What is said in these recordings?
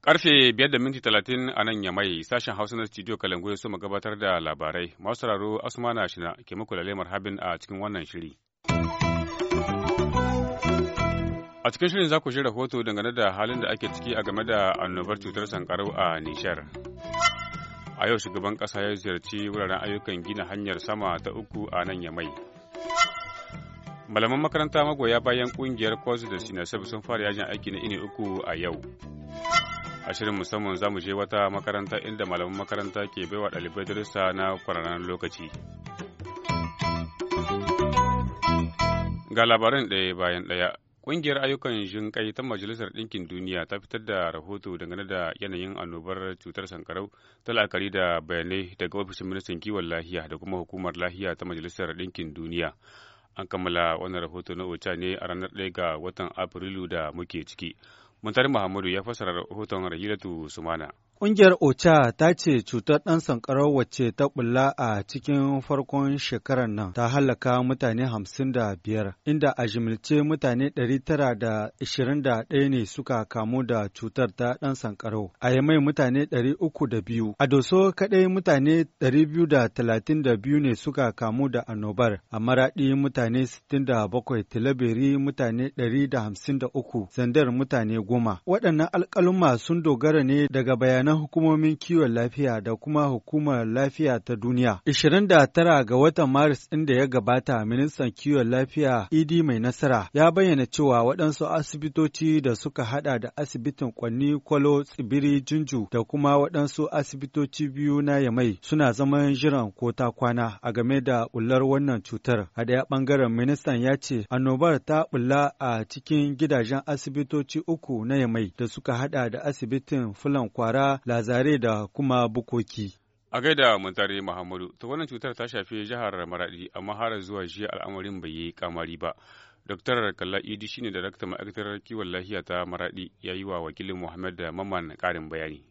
Karfe biyar da minti talatin a nan Yamai, sashen Hausa na studio Kalangu ya so mu gabatar da labarai. Masu sauraro Asmana Shina ke muku lemar habin a cikin wannan shiri. A cikin shirin za ku ji rahoto dangane da halin da ake ciki a game da annobar cutar sankarau a Nishar. a yau shugaban ƙasa ya ziyarci wuraren ayyukan gina hanyar sama ta uku a nan yamai malaman makaranta magoya bayan kungiyar kwazu da sinasef sun fara yajin aiki na ini uku a yau a shirin musamman za mu je wata makaranta inda malaman makaranta ke baiwa ɗalibai darussa na kwararren lokaci ga labaran ɗaya bayan ɗaya Ƙungiyar ayyukan jinƙai ta Majalisar Ɗinkin Duniya ta fitar da rahoto dangane da yanayin annobar cutar sankarau ta la'akari da bayanai daga ofishin ministan kiwon lahiya da kuma hukumar lahiya ta Majalisar Ɗinkin Duniya. An kammala wannan rahoto na OCHA ne a ranar ɗaya ga watan Afrilu da muke ciki. Muntari Muhammadu ya fassara rahoton Rahilatu Sumana. Ƙungiyar OCHA ta ce cutar ɗan sankarar wacce ta ɓulla a cikin farkon shekarar nan ta halaka mutane hamsin da biyar, inda a jimilce mutane ɗari tara da ishirin da ɗaya ne suka kamu da cutar ta ɗan sankarau. A Yamai mutane ɗari uku da biyu, a Doso kaɗai mutane ɗari biyu da talatin da biyu ne suka kamu da annobar, a Maraɗi mutane sittin da bakwai, Tilaberi mutane ɗari da hamsin da uku, Zandar mutane goma. Waɗannan alƙaluma sun dogara ne daga bayanan na hukumomin kiwon lafiya da kuma hukumar lafiya ta duniya. 29 ga watan Maris ɗin da ya gabata ministan kiwon lafiya Idi mai nasara ya bayyana cewa waɗansu asibitoci da suka hada da asibitin Kwanni Kwalo Tsibiri Jinju da kuma waɗansu asibitoci biyu na Yamai suna zaman jiran ko ta kwana a game da bullar wannan cutar. A ɗaya ɓangaren ministan ya ce annobar ta bulla a cikin gidajen asibitoci uku na Yamai da suka hada da asibitin Fulan Kwara lazare da kuma bukoki. A gaida muntari Muhammadu, ta wannan cutar ta shafi jihar Maradi, amma har zuwa jiya al'amarin bai yi kamari ba. Dr. Kalla Idi shine Dr. ma'aikatar kiwon lafiya ta Maradi ya yi wa wakilin muhammadu da Maman karin bayani.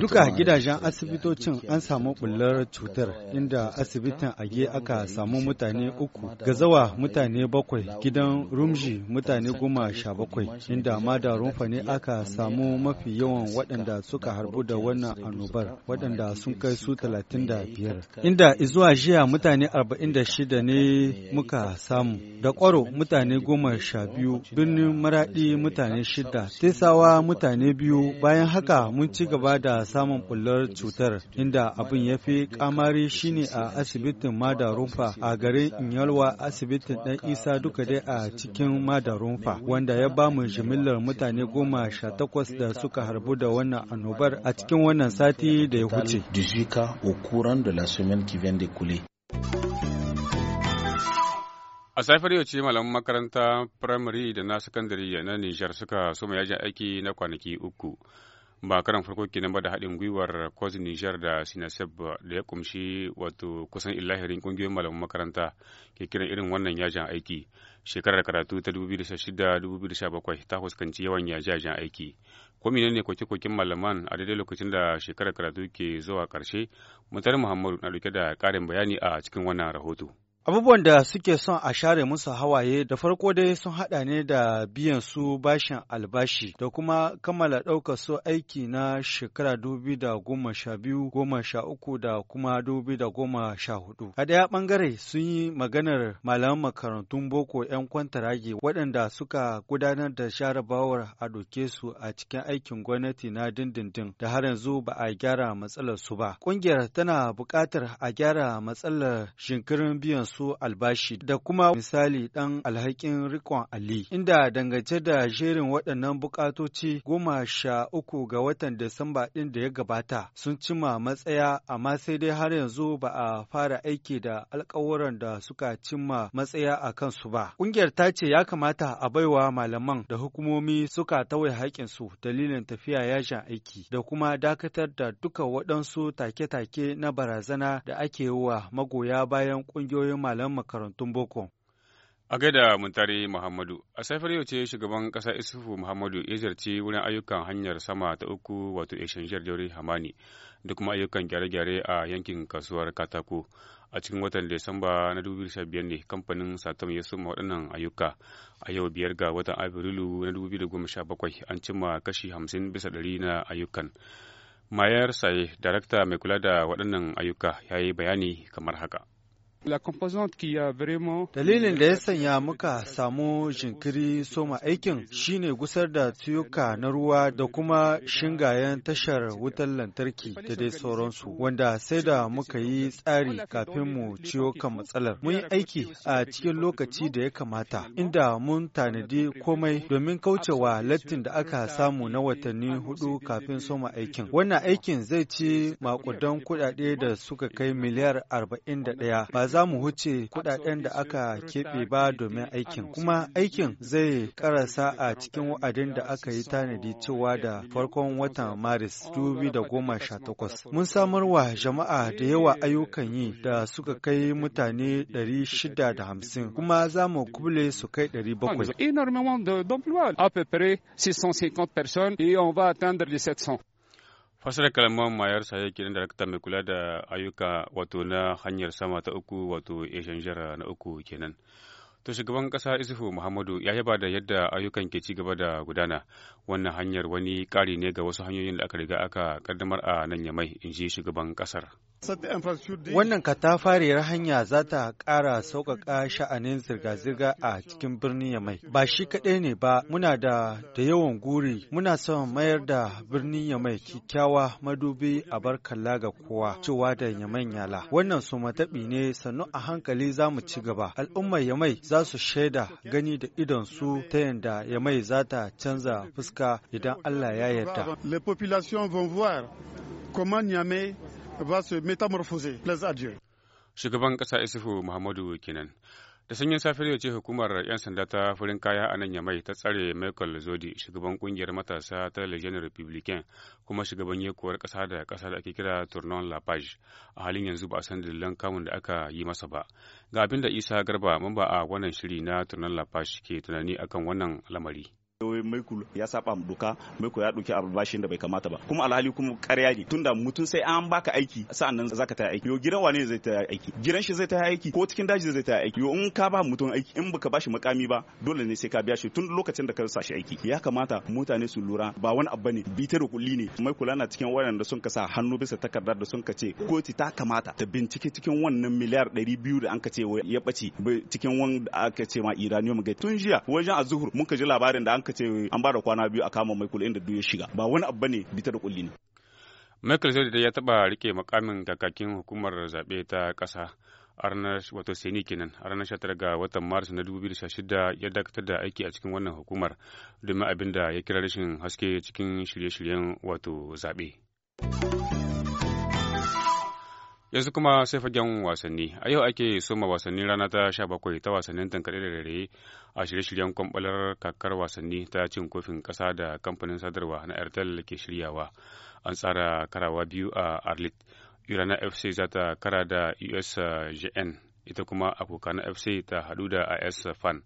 Duka gidajen asibitocin an samu bullar cutar inda asibitin age aka samu mutane uku, gazawa mutane bakwai, gidan rumji mutane goma sha bakwai, inda mada rumfa ne aka samu mafi yawan waɗanda suka harbu da wannan annobar waɗanda sun kai su talatin da biyar. Inda izuwa jiya mutane arba'in da shida ne muka samu, da ƙwaro mutane goma sha biyu, birnin maraɗi mutane shida, tesawa mutane biyu, bayan haka mun ci gaba da samun bullar cutar inda abin ya fi kamari shine a asibitin mada rumfa a garin Inyalwa asibitin ɗan Isa duka dai a cikin rumfa wanda ya ba mu jimillar mutane goma sha takwas da suka harbu da wannan annobar a cikin wannan sati da ya huce. A safiyar yau ce malaman makaranta firamare da na sakandare na Nijar suka soma yajin aiki na kwanaki uku. ba karan farko kenan ba da haɗin gwiwar kwaz nijar da sinaseb da ya kumshi wato kusan illahirin ƙungiyoyin malaman makaranta ke kiran irin wannan yajin aiki shekarar karatu ta 2016-2017 ta fuskanci yawan yajin aiki ko ne kwake-kwaken malaman a daidai lokacin da shekarar karatu ke zuwa ƙarshe mutane muhammadu na ɗauke da ƙarin bayani a cikin wannan rahoto Abubuwan da suke son a share musu hawaye da farko dai sun hada ne da biyan su bashin albashi da kuma kammala ɗaukar su aiki na shekara dubi da goma sha biyu goma sha uku da kuma dubi da goma sha hudu. A ɗaya ɓangare sun yi maganar malaman makarantun boko 'yan kwantarage waɗanda suka gudanar da jarabawar a doke su a cikin aikin gwamnati na dindindin da har yanzu ba a gyara matsalar su ba. Ƙungiyar tana buƙatar a gyara matsalar shinkirin biyan masu albashi da kuma misali dan alhakin rikon Ali, inda dangance da jerin waɗannan bukatoci goma sha uku ga watan Disamba ɗin da ya gabata sun cima matsaya amma sai dai har yanzu ba a fara aiki da alkawuran da suka cimma matsaya a kansu ba. Ƙungiyar ta ce ya kamata a baiwa malaman da hukumomi suka tawaye haƙƙinsu dalilin tafiya yashin aiki da kuma dakatar da duka waɗansu take-take na barazana da ake yi wa magoya bayan ƙungiyoyin malaman makarantun boko. A gaida Muntari Muhammadu, a safiyar yau ce shugaban ƙasa Isufu Muhammadu ya zarci wurin ayyukan hanyar sama ta uku wato Eshanjar Jauri Hamani da kuma ayyukan gyare-gyare a yankin kasuwar katako. A cikin watan Desamba na 2015 ne kamfanin satom ya suma waɗannan ayyuka. A yau biyar ga watan Afrilu na 2017 an cimma kashi 50 bisa ɗari na ayyukan. Mayar Saye, darakta mai kula da waɗannan ayyuka, ya yi bayani kamar haka. Dalilin da ya sanya muka samu jinkiri soma aikin shine gusar da tiyuka na ruwa da kuma shingayen tashar wutar lantarki da dai sauransu, wanda sai da muka yi tsari kafin mu ciyo kan matsalar. Mun yi aiki a cikin lokaci da ya kamata, inda mun tanadi komai domin kaucewa lattin da aka samu na watanni hudu kafin soma aikin. Wannan aikin zai ci makudan kuɗaɗe da suka kai miliyar arba'in da ɗaya. za mu huce kudaden da aka keɓe ba domin aikin, kuma aikin zai karasa a cikin wa'adin da aka yi tanadi cewa da farkon watan Maris 2018. Mun samar wa jama'a da yawa ayyukan yi da suka kai mutane 650, kuma za mu kuble su kai 700. va 700. Fasar kalmar mayar saye kenan darakta mai kula da ayyuka wato na hanyar sama ta uku wato Asian jara na uku kenan. To shugaban kasa Isufu Muhammadu ya yaba da yadda ayyukan ke ci gaba da gudana. Wannan hanyar wani ƙari ne ga wasu hanyoyin da aka riga aka kaddamar a nan yamai, in ji shugaban kasar. Wannan katafariyar hanya za ta ƙara sauƙaƙa sha'anin zirga-zirga a cikin birnin Yamai. Ba shi kaɗai ne ba, muna da da yawan guri, muna son mayar da birnin Yamai kyakkyawa madubi a bar kalla ga kowa, cewa da Yamai yala. Wannan su matabi ne sannu a hankali za mu ci gaba. Al'ummar Yamai za su shaida gani da idon su ta yanda Yamai za ta canza fuska idan Allah ya yarda. le vont voir va se métamorphoser à dieu Shugaban ƙasa Isufu Muhammadu kenan. Da sanyin safiyar yace ce hukumar 'yan sanda ta furin kaya a nan Yamai ta tsare Michael Zodi, shugaban kungiyar matasa ta Legion Republican kuma shugaban yakuwar ƙasa da kasa da ake kira Tournon La Page. A halin yanzu ba a san dalilan kamun da aka yi masa ba. Ga abin da Isa Garba mamba a wannan shiri na Tournon La Page ke tunani akan wannan lamari. ku ya saba mu doka ku ya dauki albashin da bai kamata ba kuma alhali kuma ƙarya ne tunda mutum sai an baka aiki sa'an nan zaka ta aiki yo gidan wane zai ta aiki gidan shi zai ta aiki ko cikin daji zai ta aiki yo in ka ba mutum aiki in baka bashi makami ba dole ne sai ka biya shi tun lokacin da ka sa shi aiki ya kamata mutane su lura ba wani abu ne da kulli ne mai kula na cikin da sun kasa hannu bisa takardar da sun ka ce. koti ta kamata ta bincike cikin wannan miliyar 200 da an ka ya bace cikin wanda aka ce ma iranium ga tun jiya wajen azuhur mun ka ji labarin da an aka ce an ba da kwana biyu a kama mai kula inda duk ya shiga ba wani abu bane bita da kulli ne Michael da ya taba rike makamin kakakin hukumar zabe ta kasa Arnash wato seni kenan Arnash ta ga watan maris na 2016 ya dakatar da aiki a cikin wannan hukumar domin abin da ya kira rashin haske cikin shirye-shiryen wato zaɓe. yanzu kuma sai fagen wasanni a yau ake soma wasannin rana ta sha bakwai ta wasannin tankaɗe da rere a shirye-shiryen kwamɓalar kakar wasanni ta cin kofin ƙasa da kamfanin sadarwa na airtel ke shiryawa an tsara karawa biyu a arlit irana fc za ta kara da usgn uh, ita kuma na fc ta haɗu da is fan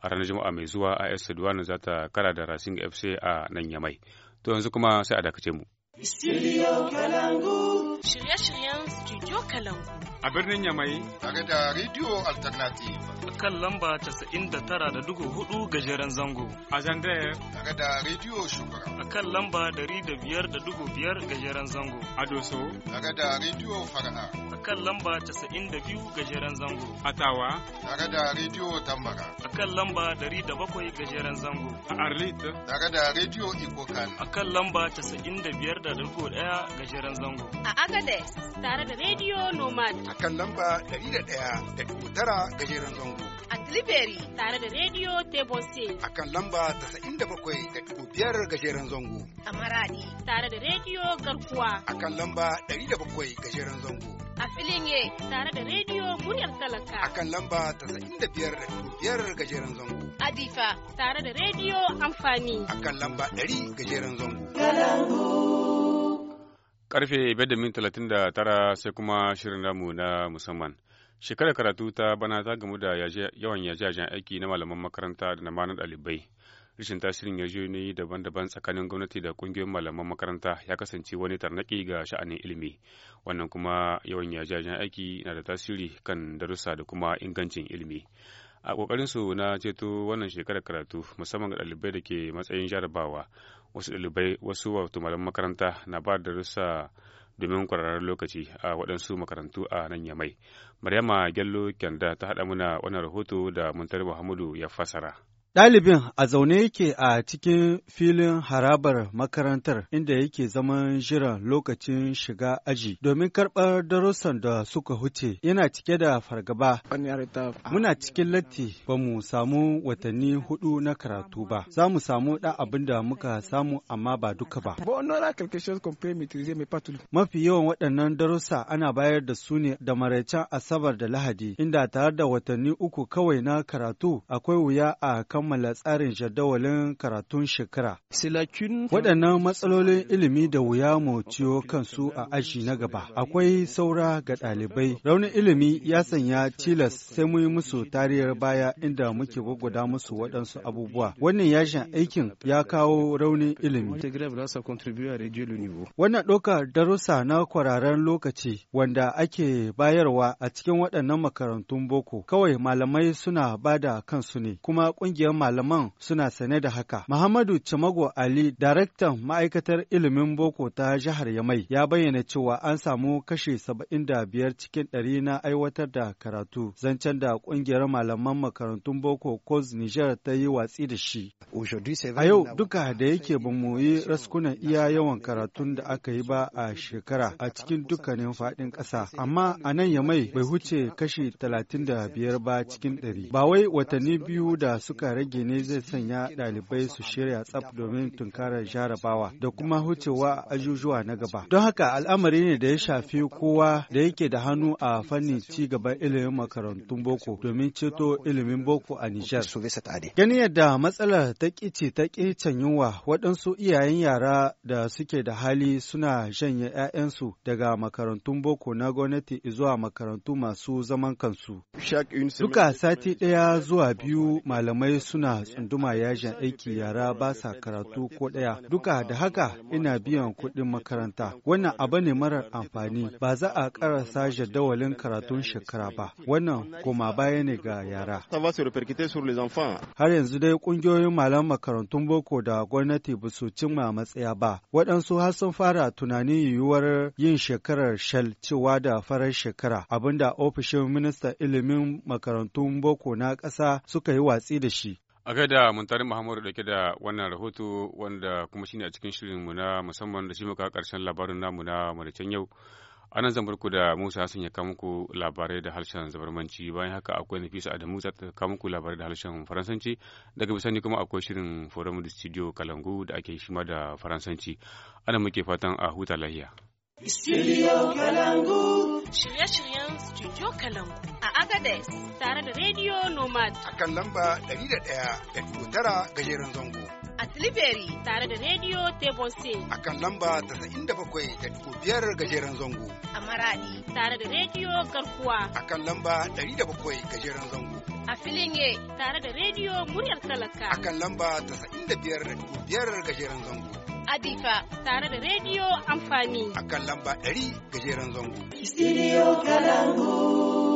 a ranar juma'a mai zuwa is duwanu za ta kara da racing fc a nan yamai to yanzu kuma sai a dakace mu shirye-shiryen Studio A birnin Yamai. Tare da Radio Alternative. kan lamba 99.4 gajeren zango. A Zandaya. Daga da Radio Shugaba. A kan lamba 105.5 gajeren zango. A Doso. Daga da Radio Fara'a. A kan lamba 92 gajeren zango. A Tawa. Daga da Radio Tambara. A kan lamba 107 gajeren zango. A Arlit. Daga da Radio Ikokan. A kan lamba 95.1 gajeren zango. A Agades. Tare da Radio Nomad. A kan lamba 101.9 gajeren zango. a Tilibiri tare da Radio Table a kan lamba 97.5 gajeren zango. A Maradi tare da Radio Garkuwa a kan lamba 107 gajeren zango. A Filinge tare da Radio Muryar Talaka a kan lamba 95.5 gajeren zango. A Difa tare da Radio Amfani a kan lamba 100 gajeren zango. Galangu. Karfe 5:39 sai kuma shirin namu na musamman. Shekarar karatu ta bana ta gamu da yawan yajajen aiki na malaman makaranta da na manar ɗalibai. Rashin tasirin yajiyoyi daban-daban tsakanin gwamnati da kungiyoyin malaman makaranta ya kasance wani tarnaki ga sha'anin ilimi. Wannan kuma yawan yajajen aiki na da tasiri kan darussa da kuma ingancin ilimi. a su na ceto wannan shekarar karatu musamman ga ɗalibai da ke matsayin jarabawa wasu ɗalibai wasu wato malaman makaranta na ba da darussa. domin kwararren lokaci a waɗansu makarantu a nan yamai. Maryama Gello Kyanda ta haɗa muna wannan rahoto da Muntari Muhammadu ya fasara. Ɗalibin a zaune yake a cikin filin harabar makarantar inda yake zaman jiran lokacin shiga aji domin karɓar darussan da suka huce yana cike da fargaba. Muna cikin latti ba mu samu watanni hudu na karatu ba. Za mu samu ɗan abin da muka samu amma ba duka ba. Mafi yawan waɗannan darussa ana bayar da su ne da maraicen Asabar da Lahadi inda tare da watanni uku kawai na karatu akwai wuya a kammala tsarin jadawalin karatun shekara. Waɗannan matsalolin ilimi da wuya mu ciyo kansu a aji na gaba. Akwai saura ga ɗalibai. Raunin ilimi ya sanya tilas sai mu yi musu tariyar baya inda muke gwaggwada musu waɗansu abubuwa. Wannan yashin aikin ya kawo raunin ilimi. Wannan ɗaukar darussa na kwararren lokaci wanda ake bayarwa a cikin waɗannan makarantun boko kawai malamai suna ba da kansu ne kuma ƙungiyar malaman suna sane da haka. Muhammadu Chamago Ali, daraktan ma'aikatar ilimin boko ta jihar Yamai, ya bayyana cewa an samu kashe saba'in da biyar cikin ɗari na aiwatar da karatu, zancen da ƙungiyar malaman makarantun boko Coz Niger ta yi watsi da shi. A yau duka da yake ba mu yi raskunan iya yawan karatun da aka yi ba a shekara a cikin dukkanin faɗin ƙasa, amma a nan Yamai bai huce kashi talatin da biyar ba cikin ɗari. Ba wai watanni biyu da suka rage rage ne zai sanya ɗalibai su shirya tsaf domin tunkarar jarabawa da kuma hucewa ajujuwa na gaba. Don haka al'amari ne da ya shafi kowa da yake da hannu a fannin ci gaban ilimin makarantun boko domin ceto ilimin boko a Nijar. Gani yadda matsalar ta ƙici ta kicen yunwa waɗansu iyayen yara da suke da hali suna janye 'ya'yansu daga makarantun boko na gwamnati zuwa makarantu masu zaman kansu. Duka sati ɗaya zuwa biyu malamai suna tsunduma yajin aiki yara ba sa karatu ko ɗaya. Duka da haka ina biyan kuɗin makaranta. Wannan abu ne marar amfani. Ba za a ƙarasa jadawalin karatun shekara ba. Wannan koma baya ne ga yara. Har yanzu dai ƙungiyoyin malam makarantun boko da gwamnati ba su cimma matsaya ba. Waɗansu har sun fara tunanin yiwuwar yin shekarar shal cewa da farar shekara abinda ofishin ministan ilimin makarantun boko na ƙasa suka yi watsi da shi. A gaida Muntari Muhammadu dauke da wannan rahoto wanda kuma shine a cikin shirinmu na musamman da shi muka karshen labarin namu na madacin yau. A nan da Musa Hassan ya kama muku labarai da harshen zabarmanci bayan haka akwai Nafisa Adamu za ta kama muku labarai da harshen Faransanci daga bisani kuma akwai shirin Forum da Studio Kalangu da ake shima da Faransanci. Ana muke fatan a huta lahiya. Studio Kalangu shirye-shiryen Studio Kalangu Agadez tare da Radio Nomad. A kan lamba 101.9 gajeren zango. A Tilibiri tare da Radio Tebose. A kan lamba 97.5 gajeren zango. A Maradi tare da Radio Garkuwa. A kan lamba 107 gajeren zango. A Filinge tare da Radio Muryar Talaka. A kan lamba 95.5 gajeren zango. Adifa tare da rediyo amfani. A kan lamba 100 gajeren zango. Studio Kalangu.